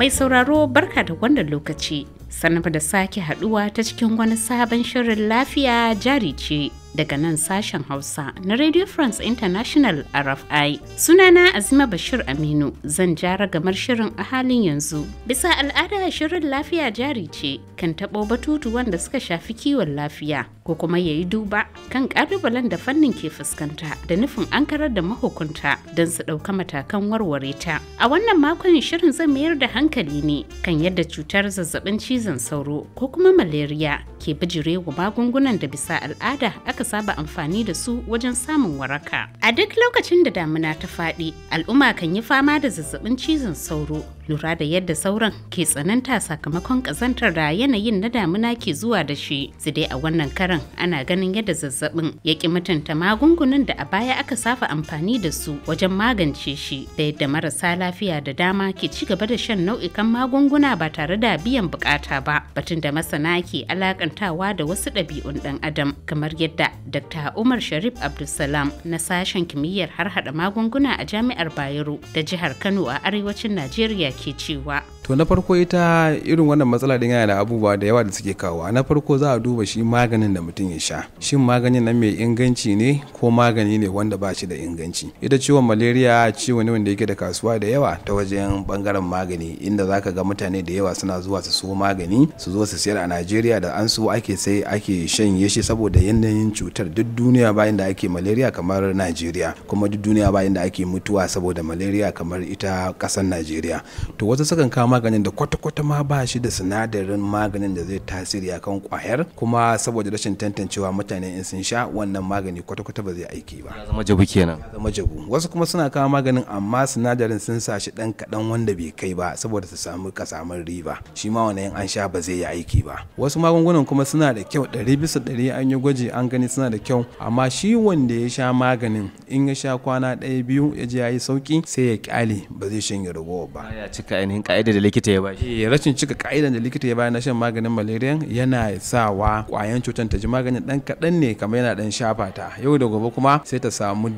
Mai sauraro barka da wannan lokaci, sannan da sake haduwa ta cikin wani sabon shirin lafiya jari ce daga nan sashen Hausa na Radio France International RFI. Sunana Azima Bashir Aminu zan jara gamar shirin a halin yanzu. Bisa al'ada shirin lafiya jari ce kan taɓo batutu wanda suka shafi kiwon lafiya ko kuma ya yi duba kan ƙalubalen da fannin ke fuskanta da nufin ankarar da mahukunta don su ɗauka matakan warware ta. A wannan makon shirin zan mayar da hankali ne kan yadda cutar zazzabin cizon sauro ko kuma malaria ke bijirewa magungunan da bisa al'ada aka saba amfani da su wajen samun waraka. A duk lokacin da damuna ta faɗi, al'umma kan yi fama da zazzabin cizon sauro lura da yadda sauran ke tsananta sakamakon kazantar da yanayin na damuna ke zuwa da shi su dai a wannan karan ana ganin yadda zazzabin ya ki mutunta magungunan da a baya aka safa amfani da su wajen magance shi da yadda marasa lafiya da dama ke ci gaba da shan nau'ikan magunguna ba tare da biyan bukata ba batun da masana ke alakantawa da wasu ɗabi'un ɗan adam kamar yadda dr umar sharif abdulsalam na sashen kimiyyar harhaɗa magunguna a jami'ar bayero da jihar kano a arewacin najeriya 基地は to na farko ita irin wannan matsala din yana da abubuwa da yawa da suke kawo na farko za a duba shi maganin da mutum ya sha shin maganin nan mai inganci ne ko magani ne wanda ba shi da inganci ita ciwon malaria ciwo ne wanda yake da kasuwa da yawa ta wajen bangaren magani inda zaka ga mutane da yawa suna zuwa su so magani su zo su siyar a Najeriya da an so ake sai ake shanye shi saboda yanayin cutar duk duniya bayan da ake malaria kamar Najeriya kuma duk duniya bayan da ake mutuwa saboda malaria kamar ita kasar Najeriya to wasu sukan kama maganin da kwata-kwata ma ba shi da sinadarin maganin da zai tasiri akan kwayar kuma saboda rashin tantancewa mutane in sun sha wannan magani kwata-kwata ba zai aiki ba. Ya zama jabu kenan. Ya zama jabu. Wasu kuma suna kawo maganin amma sinadarin sun sa shi dan kaɗan wanda bai kai ba saboda su samu kasamin riba. Shi ma wannan an sha ba zai yi aiki ba. Wasu magungunan kuma suna da kyau ɗari bisa ɗari an yi gwaji an gani suna da kyau amma shi wanda ya sha maganin in ya sha kwana ɗaya biyu ya ji ya yi sauki sai ya ƙyale ba zai shanye ragowa ba. Ya cika ainihin da likita ya bashi eh rashin cika ka'idan da likita ya bayar na shan maganin malaria yana sawa kwayan cutar ta ji maganin dan kadan ne kamar yana dan shafa ta yau da gobe kuma sai ta samu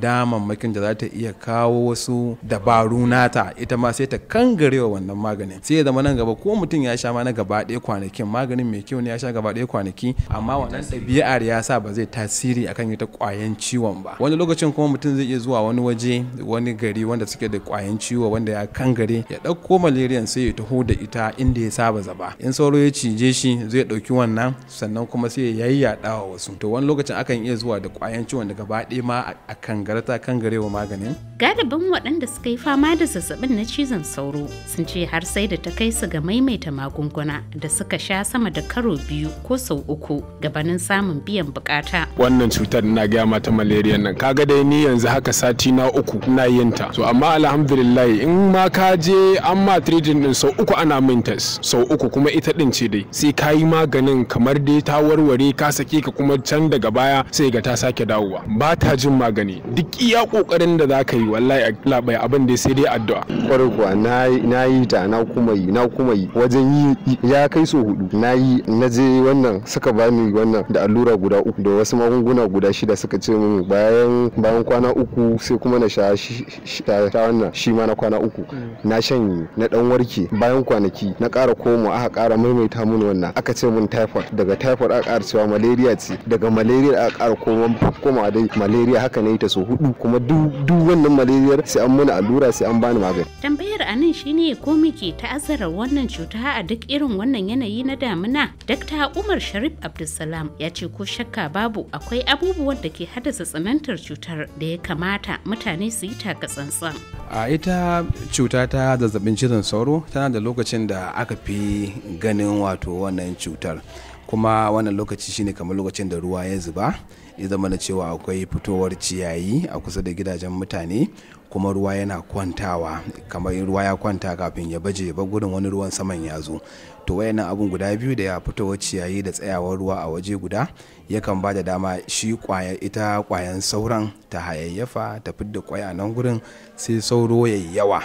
makin da za ta iya kawo wasu dabaru nata ita ma sai ta kangarewa wannan maganin sai ya zama nan gaba ko mutum ya sha ma na gaba ɗaya kwanakin maganin mai kyau ne ya sha gaba ɗaya kwanaki amma wannan ɗabi'ar ya sa ba zai tasiri akan ita kwayan ciwon ba wani lokacin kuma mutum zai iya zuwa wani waje wani gari wanda suke da kwayan ciwo wanda ya kangare ya ɗauko malariyan sai ya ya taho da ita inda ya saba zaba in sauro ya cije shi zai ɗauki wannan sannan kuma sai ya yayyada wa wasu to wani lokacin akan iya zuwa da ƙwayan ciwon daga gaba ma a kan garewa maganin galibin waɗanda suka yi fama da zazzabin na cizon sauro sun ce har sai da ta kai su ga maimaita magunguna da suka sha sama da karo biyu ko sau uku gabanin samun biyan bukata wannan cutar na gaya mata malaria nan kaga dai ni yanzu haka sati na uku na yinta to amma alhamdulillah in ma ka je an ma treating din sau uku ana min test sau uku kuma ita din ce dai sai ka yi maganin kamar dai ta warware ka sake ka kuma can daga baya sai ga ta sake dawowa ba ta jin magani duk iya kokarin da zaka yi wallahi labai abin da sai dai addu'a kwarai kuwa na yi ta na kuma yi na kuma yi wajen yi ya kai so hudu na yi na je wannan suka bani wannan da allura guda uku da wasu magunguna guda shida suka ce min bayan bayan kwana uku sai kuma na sha shi ta wannan shi ma na kwana uku mm. na shan na dan warke bayan kwanaki na ƙara koma aka ƙara maimaita mun wannan aka ce mun typhoid daga typhoid aka ƙara cewa malaria ce daga malaria aka ƙara koma koma dai malaria haka ne ta so hudu kuma duk wannan malaria sai an mana allura sai an bani magani tambayar anan shine ko muke ta'azzara wannan cuta a duk irin wannan yanayi na damina dakta Umar Sharif Abdulsalam ya ce ko shakka babu akwai abubuwan da ke haddasa tsanantar cutar da ya kamata mutane su yi taka tsantsan a ita cuta ta zazzabin cizon sauro tana da lokacin da aka fi ganin wato wannan cutar kuma wannan lokaci shine kamar lokacin da ruwa ya zuba ya zama na cewa akwai fitowar ciyayi a kusa da gidajen mutane kuma ruwa yana kwantawa kamar ruwa ya kwanta kafin ya baje ba gurin wani ruwan saman ya zo to wayannan abun guda biyu da ya fito ciyayi da tsayawar ruwa a waje guda yakan ba da dama shi kwaya ita kwayan sauran ta hayayyafa ta fidda kwaya nan gurin sai sauro yayi yawa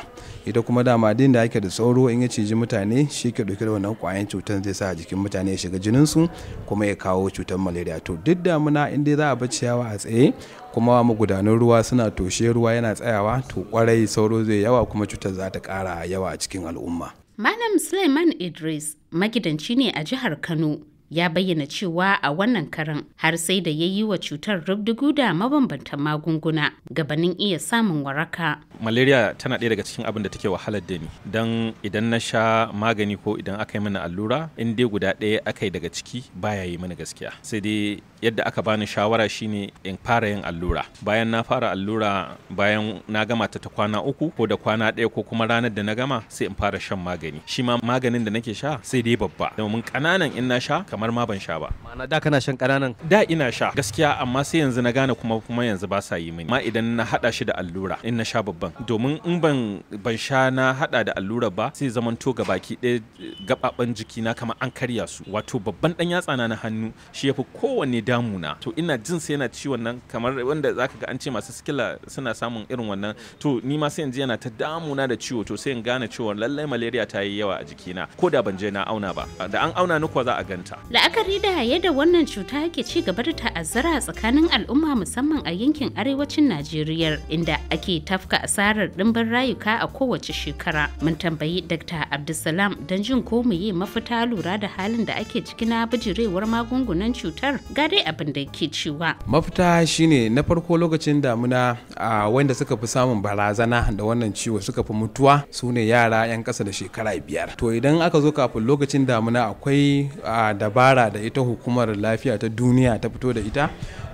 ita kuma dama din da ake da sauro in ya ciji mutane shi ke dauke da wannan kwayan cutar zai sa a jikin mutane ya shiga jinin su kuma ya kawo cutar malaria to duk damuna in dai za a bar ciyawa a tsaye kuma magudanan ruwa suna toshe ruwa yana tsayawa to kwarai sauro zai yawa kuma cutar za ta kara yawa a cikin al'umma malam suleiman idris magidanci ne a jihar kano ya bayyana cewa a wannan karan har sai da ya yi wa cutar rubdugu da mabambantan magunguna gabanin iya samun waraka. Malaria tana ɗaya daga cikin abin da take wahalar da ni don idan na sha magani ko idan aka yi mana allura in dai guda ɗaya aka yi daga ciki baya yi mana gaskiya sai dai yadda aka bani shawara shine in fara yin allura bayan na fara allura bayan na gama ta ta kwana uku ko da kwana ɗaya ko kuma ranar da na gama sai in fara shan magani shi ma maganin da nake sha sai dai babba domin ƙananan in na sha kamar ma ban sha ba ma'ana da kana shan ƙananan. da ina sha gaskiya amma sai yanzu na gane kuma kuma yanzu ba sa yi mini ma idan na hada shi da allura in na sha babban domin in ban ban sha na hada da allura ba sai zaman to baki ɗaya gababan jiki na kamar an karya su wato babban dan yatsa na na hannu shi yafi kowanne damuna to ina jin sai yana ciwon nan kamar wanda zaka ga an ce masu sikila suna samun irin wannan to ni ma sai yanzu yana ta damuna da ciwo to sai in gane cewa lallai malaria ta yi yawa a jikina ko da ban je na auna ba da an auna ni kuwa za a ganta La'akari da yadda wannan cuta ke ci gaba da ta'azzara tsakanin al'umma musamman a yankin arewacin Najeriya inda ake tafka asarar ɗimbin rayuka a kowace shekara. Mun tambayi Dr. Abdulsalam don jin ko mu yi mafita lura da halin da ake ciki na bijirewar magungunan cutar ga dai abin da ke cewa. Mafita shine na farko lokacin damuna a wanda suka fi samun barazana da wannan ciwo suka fi mutuwa su ne yara 'yan ƙasa da shekara biyar. To idan aka zo kafin lokacin damuna akwai da dabara da ita hukumar lafiya ta duniya ta fito da ita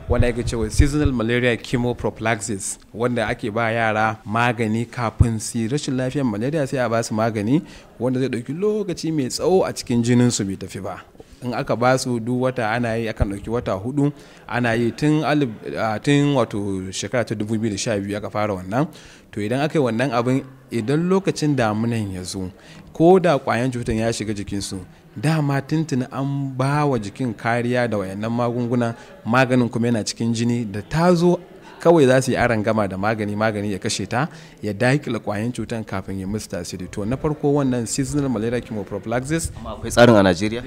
wanda ake cewa seasonal malaria chemoprophylaxis wanda ake ba yara magani kafin su rashin lafiyar malaria sai a ba su magani wanda zai ɗauki lokaci mai tsawo a cikin jinin su bai tafi ba in aka ba su duk wata ana yi akan ɗauki wata hudu ana yi tun tun wato shekara ta 2012 aka fara wannan to idan aka yi wannan abin idan lokacin damunan ya zo ko da kwayan cutar ya shiga jikinsu dama tuntuni an ba wa jikin kariya da wayannan magunguna maganin kuma yana cikin jini da ta zo kawai za su yi aran gama da magani magani ya kashe ta ya daƙila kwayan cutan kafin ya musta tasiri to na farko wannan seasonal malaria chemoprophylaxis akwai tsarin a Najeriya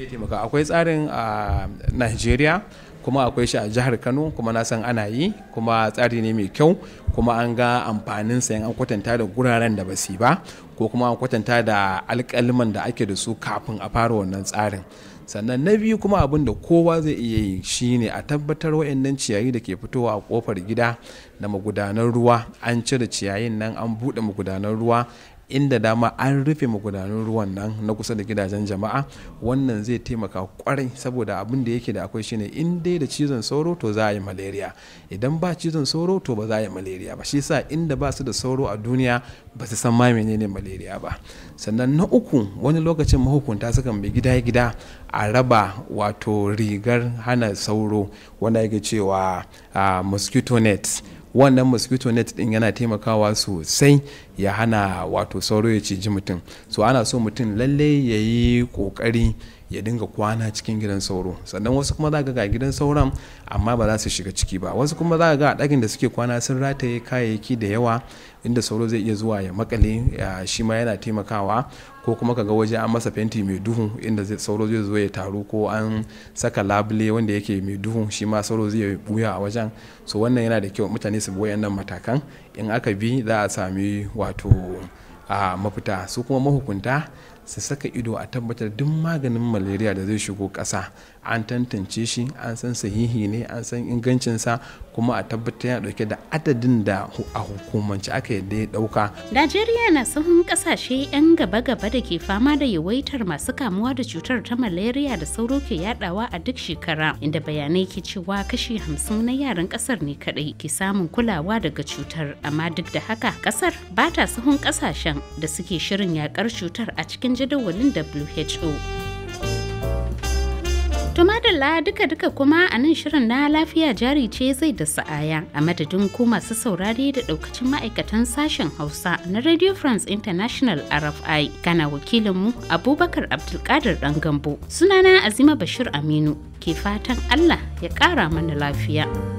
akwai tsarin a Najeriya kuma akwai shi a jihar Kano kuma na san ana yi kuma tsari ne mai kyau kuma an ga amfanin sa an kwatanta da guraren da basi ba ko kuma an kwatanta da alƙaliman da ake da su kafin a fara wannan tsarin sannan na biyu kuma abin da kowa zai iya yi shine a tabbatar wa'annan ciyayi da ke fitowa a kofar gida na magudanar ruwa an cire ciyayin nan an buɗe magudanar ruwa inda dama an rufe magudanun ruwan nan na kusa da gidajen jama'a wannan zai taimaka kwarai saboda abin da yake da akwai shine in dai da cizon sauro to za a yi malaria idan ba cizon sauro to ba za a yi malaria ba shi sa inda ba su da sauro a duniya ba su san ma menene malaria ba sannan na uku wani lokacin mahukunta sukan bi gida gida a raba wato rigar hana sauro wanda yake cewa ah, mosquito nets. wannan mosquito net din yana taimakawa sosai ya hana wato sauro ya ciji mutum so ana so mutum lalle ya yi kokari ya dinga kwana cikin gidan sauro sannan wasu kuma za ga gidan sauron amma ba za su shiga ciki ba wasu kuma za ga a ɗakin da suke kwana sun rataye kayayyaki da yawa inda sauro zai iya zuwa ya makale shi ma yana taimakawa ko kuma ka ga waje an masa fenti mai duhu inda sauro zai zo ya taru ko an saka labule wanda yake mai duhu shi ma sauro zai buya a wajen so wannan yana da kyau mutane su bi wayannan matakan in aka bi za a sami wato a mafita su kuma mahukunta su saka ido a tabbatar duk maganin malaria da zai shigo ƙasa an tantance shi an san sahihi ne an san ingancinsa kuma a tabbatar yana dauke da adadin da a hukumance aka yadda ya dauka. Najeriya na sahun kasashe 'yan gaba-gaba da ke fama da yawaitar masu kamuwa da cutar ta malaria da sauro ke yadawa a duk shekara inda bayanai ke cewa kashi hamsin na yaran kasar ne kadai ke samun kulawa daga cutar amma duk da haka kasar ba ta sahun kasashen da suke shirin yakar cutar a cikin jadawalin WHO. To madalla duka-duka kuma a nan shirin na lafiya jari ce zai da sa'aya a madadin ku masu saurari da daukacin ma'aikatan sashen Hausa na Radio France International RFI kana mu Abubakar Abdulkadir dan gambo. Sunana Azima Bashir Aminu ke fatan Allah ya kara mana lafiya.